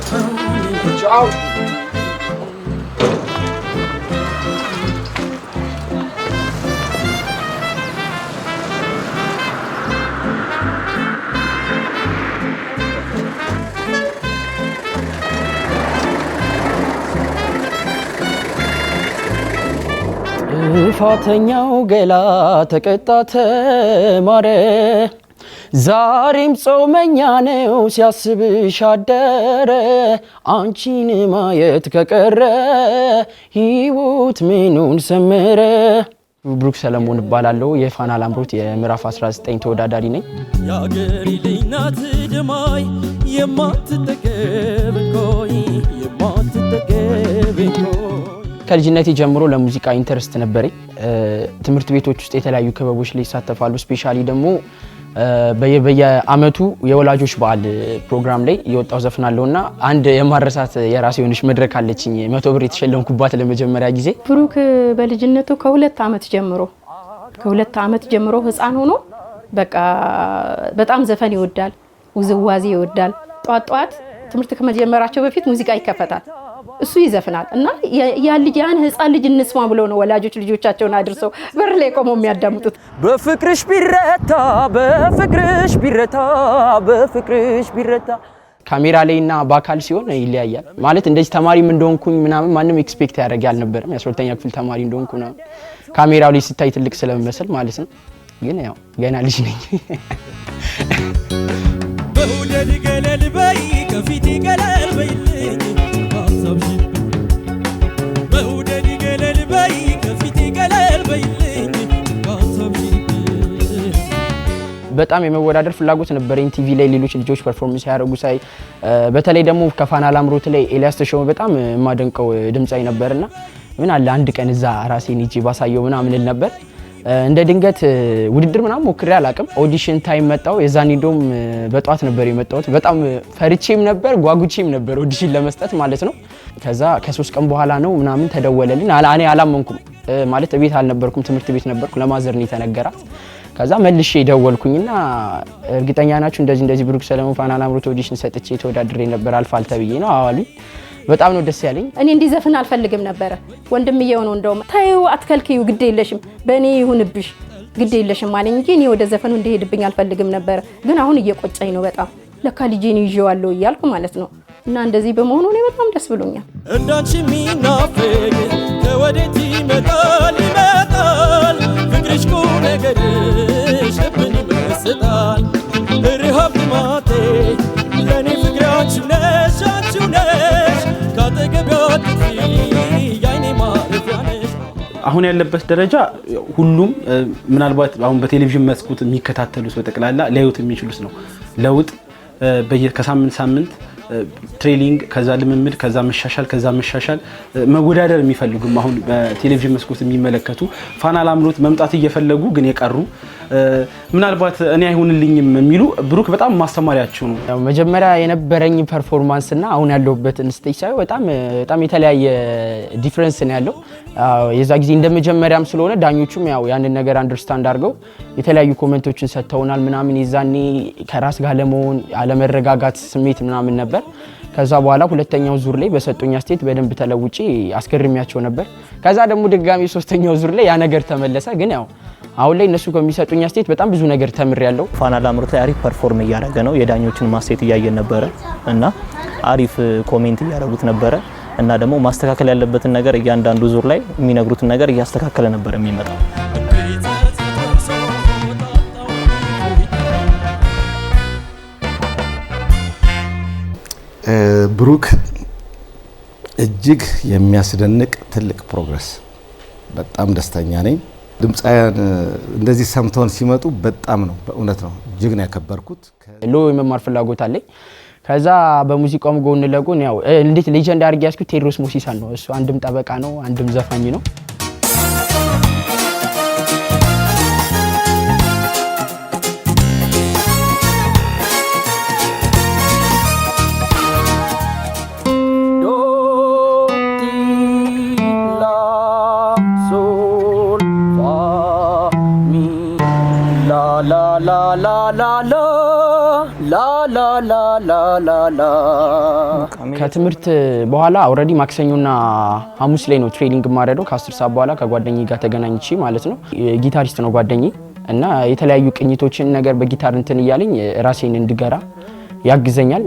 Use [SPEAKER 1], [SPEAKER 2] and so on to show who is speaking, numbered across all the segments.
[SPEAKER 1] Watch out! ፋተኛው ገላ ተቀጣ ተማረ ዛሬም ጾመኛ ነው ሲያስብሽ አደረ። አንቺን ማየት ከቀረ ሕይወት ምኑን ሰመረ።
[SPEAKER 2] ብሩክ ሰለሞን እባላለሁ። የፋና ላምሮት የምዕራፍ 19 ተወዳዳሪ ነኝ። የአገሬ ልጅ ናት ደማይ የማትጠገብ ኮይ የማትጠገብ ከልጅነቴ ጀምሮ ለሙዚቃ ኢንተረስት ነበረኝ። ትምህርት ቤቶች ውስጥ የተለያዩ ክበቦች ላይ ይሳተፋሉ። ስፔሻሊ ደግሞ በየአመቱ የወላጆች በዓል ፕሮግራም ላይ የወጣው ዘፈን አለው እና አንድ የማረሳት የራሴ የሆነች መድረክ አለችኝ መቶ ብር የተሸለምኩባት ለመጀመሪያ ጊዜ።
[SPEAKER 3] ብሩክ በልጅነቱ ከሁለት ዓመት ጀምሮ ከሁለት ዓመት ጀምሮ ህፃን ሆኖ በቃ በጣም ዘፈን ይወዳል፣ ውዝዋዜ ይወዳል። ጧት ጧት ትምህርት ከመጀመራቸው በፊት ሙዚቃ ይከፈታል። እሱ ይዘፍናል እና ያ ልጅ ያን ህፃን ልጅ እንስማ ብለው ነው ወላጆች ልጆቻቸውን አድርሰው በር ላይ ቆመው የሚያዳምጡት። በፍቅርሽ ቢረታ በፍቅርሽ
[SPEAKER 2] ቢረታ በፍቅርሽ ቢረታ ካሜራ ላይ እና በአካል ሲሆን ይለያያል። ማለት እንደዚህ ተማሪም እንደሆንኩኝ ምናምን ማንም ኤክስፔክት ያደረግ አልነበረም። የአስወልተኛ ክፍል ተማሪ እንደሆንኩ ምናምን ካሜራው ላይ ሲታይ ትልቅ ስለምመስል ማለት ነው። ግን ያው ገና ልጅ ነኝ። በሁለድ ገለል በይ ከፊት ገለል በጣም የመወዳደር ፍላጎት ነበረኝ ቲቪ ላይ ሌሎች ልጆች ፐርፎርመንስ ያደርጉ ሳይ፣ በተለይ ደግሞ ከፋና ላምሮት ላይ ኤልያስ ተሾመ በጣም የማደንቀው ድምፃዊ ነበርና ምን አለ አንድ ቀን እዛ ራሴን ሂጄ ባሳየው ምናምን እል ነበር። እንደ ድንገት ውድድር ምናምን ሞክሬ አላቅም። ኦዲሽን ታይም መጣው። የዛን ዶም በጠዋት ነበር የመጣሁት። በጣም ፈርቼም ነበር ጓጉቼም ነበር ኦዲሽን ለመስጠት ማለት ነው። ከዛ ከሶስት ቀን በኋላ ነው ምናምን ተደወለልን። እኔ አላመንኩም ማለት ቤት አልነበርኩም፣ ትምህርት ቤት ነበርኩ። ለማዘር ነው የተነገራት። ከዛ መልሼ ደወልኩኝና እርግጠኛ ናችሁ እንደዚህ እንደዚህ ብሩክ ሰለሞን ፋናን አምሮት ኦዲሽን ሰጥቼ ተወዳድሬ ነበር አልፋል ተብዬ ነው አዋሉኝ። በጣም ነው ደስ ያለኝ።
[SPEAKER 3] እኔ እንዲህ ዘፍን አልፈልግም ነበረ። ወንድም ነው እንደውም ታዩ አትከልክዩ፣ ግድ የለሽም በእኔ ይሁንብሽ ግድ የለሽም አለኝ እንጂ እኔ ወደ ዘፈኑ እንደሄድብኝ አልፈልግም ነበረ። ግን አሁን እየቆጨኝ ነው በጣም ለካ ልጄን ይዤዋለሁ እያልኩ ማለት ነው። እና እንደዚህ በመሆኑ እኔ በጣም ደስ ብሎኛል። እንዳንቺ ሚናፍቅ
[SPEAKER 2] አሁን ያለበት ደረጃ ሁሉም ምናልባት አሁን በቴሌቪዥን መስኩት የሚከታተሉት በጠቅላላ ሊያዩት የሚችሉት ነው። ለውጥ ከሳምንት ሳምንት ትሬኒንግ፣ ከዛ ልምምድ፣ ከዛ መሻሻል፣ ከዛ መሻሻል መወዳደር የሚፈልጉም አሁን በቴሌቪዥን መስኮት የሚመለከቱ ፋና ላምሮት መምጣት እየፈለጉ ግን የቀሩ ምናልባት እኔ አይሆንልኝም የሚሉ ብሩክ በጣም ማስተማሪያቸው ነው።
[SPEAKER 4] መጀመሪያ የነበረኝ ፐርፎርማንስ እና አሁን ያለሁበት ስቴጅ ሳይ በጣም በጣም የተለያየ ዲፍረንስ ነው ያለው። የዛ ጊዜ እንደ መጀመሪያም ስለሆነ ዳኞቹም ያው ያንን ነገር አንደርስታንድ አድርገው የተለያዩ ኮመንቶችን ሰጥተውናል ምናምን። የዛኔ ከራስ ጋር ለመሆን አለመረጋጋት ስሜት ምናምን ነበር ነበር። ከዛ በኋላ ሁለተኛው ዙር ላይ በሰጡኝ አስተያየት በደንብ ተለውጪ አስገርሚያቸው ነበር። ከዛ ደግሞ ድጋሚ ሶስተኛው ዙር ላይ ያ ነገር ተመለሰ። ግን ያው አሁን ላይ እነሱ ከሚሰጡኝ አስተያየት በጣም ብዙ ነገር ተምሬያለሁ።
[SPEAKER 2] ፋና ላምሮት ላይ አሪፍ ፐርፎርም እያደረገ ነው። የዳኞችን ማስተያየት እያየን ነበረ እና አሪፍ ኮሜንት እያደረጉት ነበረ እና ደግሞ ማስተካከል ያለበትን ነገር እያንዳንዱ ዙር ላይ የሚነግሩትን ነገር እያስተካከለ ነበር የሚመጣው
[SPEAKER 5] ብሩክ እጅግ የሚያስደንቅ ትልቅ ፕሮግረስ፣ በጣም ደስተኛ ነኝ። ድምፃውያን እንደዚህ ሰምተውን ሲመጡ በጣም ነው በእውነት ነው እጅግ ነው ያከበርኩት።
[SPEAKER 2] ሎ የመማር ፍላጎት አለኝ። ከዛ በሙዚቃውም ጎን ለጎን ያው እንዴት ሌጀንድ አድርጌ ያዝኩት ቴዎድሮስ ሞሲሳን ነው። እሱ አንድም ጠበቃ ነው፣ አንድም ዘፋኝ ነው። ከትምህርት በኋላ ኦልሬዲ ማክሰኞና ሐሙስ ላይ ነው ትሬኒንግ የማደርገው ከአስር ሰዓት በኋላ ከጓደኝ ጋር ተገናኝቼ ማለት ነው። ጊታሪስት ነው ጓደኝ እና የተለያዩ ቅኝቶችን ነገር በጊታር እንትን እያለኝ ራሴን እንድገራ ያግዘኛል።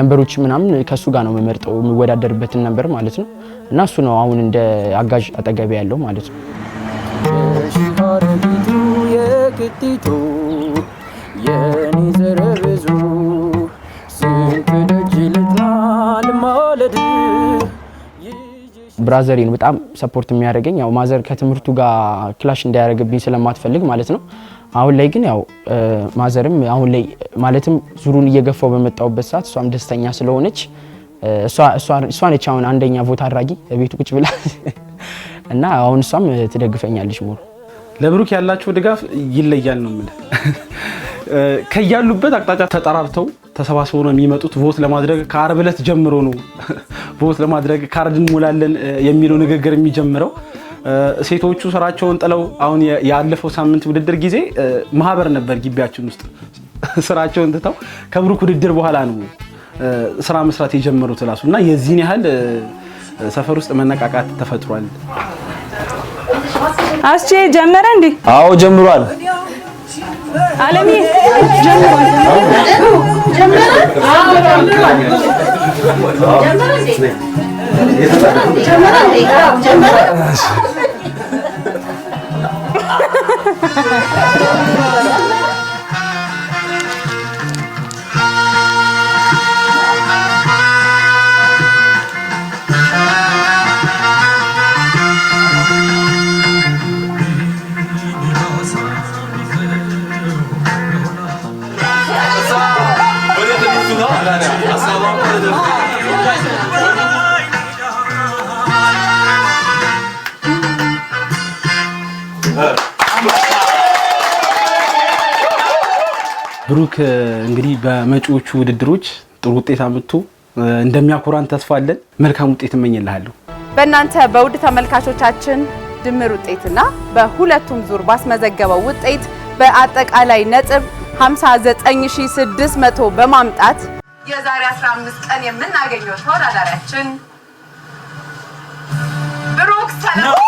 [SPEAKER 2] ነንበሮች ምናምን ከእሱ ጋር ነው የምመርጠው የምወዳደርበትን ነንበር ማለት ነው። እና እሱ ነው አሁን እንደ አጋዥ አጠገቤ ያለው ማለት ነው። የኔ ዘረ ብዙ ስንት ደጅ ልጥና ልማለድ ብራዘሪን በጣም ሰፖርት የሚያደርገኝ ያው ማዘር ከትምህርቱ ጋር ክላሽ እንዳያደርግብኝ ስለማትፈልግ ማለት ነው። አሁን ላይ ግን ያው ማዘርም አሁን ላይ ማለትም ዙሩን እየገፋው በመጣውበት ሰዓት እሷም ደስተኛ ስለሆነች እሷ ነች አሁን አንደኛ ቦታ አድራጊ ቤቱ ቁጭ ብላ እና አሁን እሷም ትደግፈኛለች። ሙሉ ለብሩክ ያላችሁ ድጋፍ ይለያል ነው የምልህ። ከያሉበት አቅጣጫ ተጠራርተው ተሰባስበው ነው የሚመጡት። ቮት ለማድረግ ከአርብ ዕለት ጀምሮ ነው ቮት ለማድረግ ካርድ እንሞላለን የሚለው ንግግር የሚጀምረው። ሴቶቹ ስራቸውን ጥለው አሁን ያለፈው ሳምንት ውድድር ጊዜ ማህበር ነበር ግቢያችን ውስጥ። ስራቸውን ትተው ከብሩክ ውድድር በኋላ ነው ስራ መስራት የጀመሩት እራሱ እና የዚህን ያህል ሰፈር ውስጥ መነቃቃት ተፈጥሯል።
[SPEAKER 6] አስቼ ጀመረ እንዴ?
[SPEAKER 2] አዎ ጀምሯል። አለሚ ብሩክ እንግዲህ በመጪዎቹ ውድድሮች ጥሩ ውጤት አምጥቶ እንደሚያኮራን ተስፋ አለን። መልካም ውጤት እመኝልሃለሁ።
[SPEAKER 7] በእናንተ በውድ ተመልካቾቻችን ድምር ውጤትና በሁለቱም ዙር ባስመዘገበው ውጤት በአጠቃላይ ነጥብ 59600 በማምጣት
[SPEAKER 8] የዛሬ 15 ቀን የምናገኘው ተወዳዳሪያችን ብሩክ ሰለሞን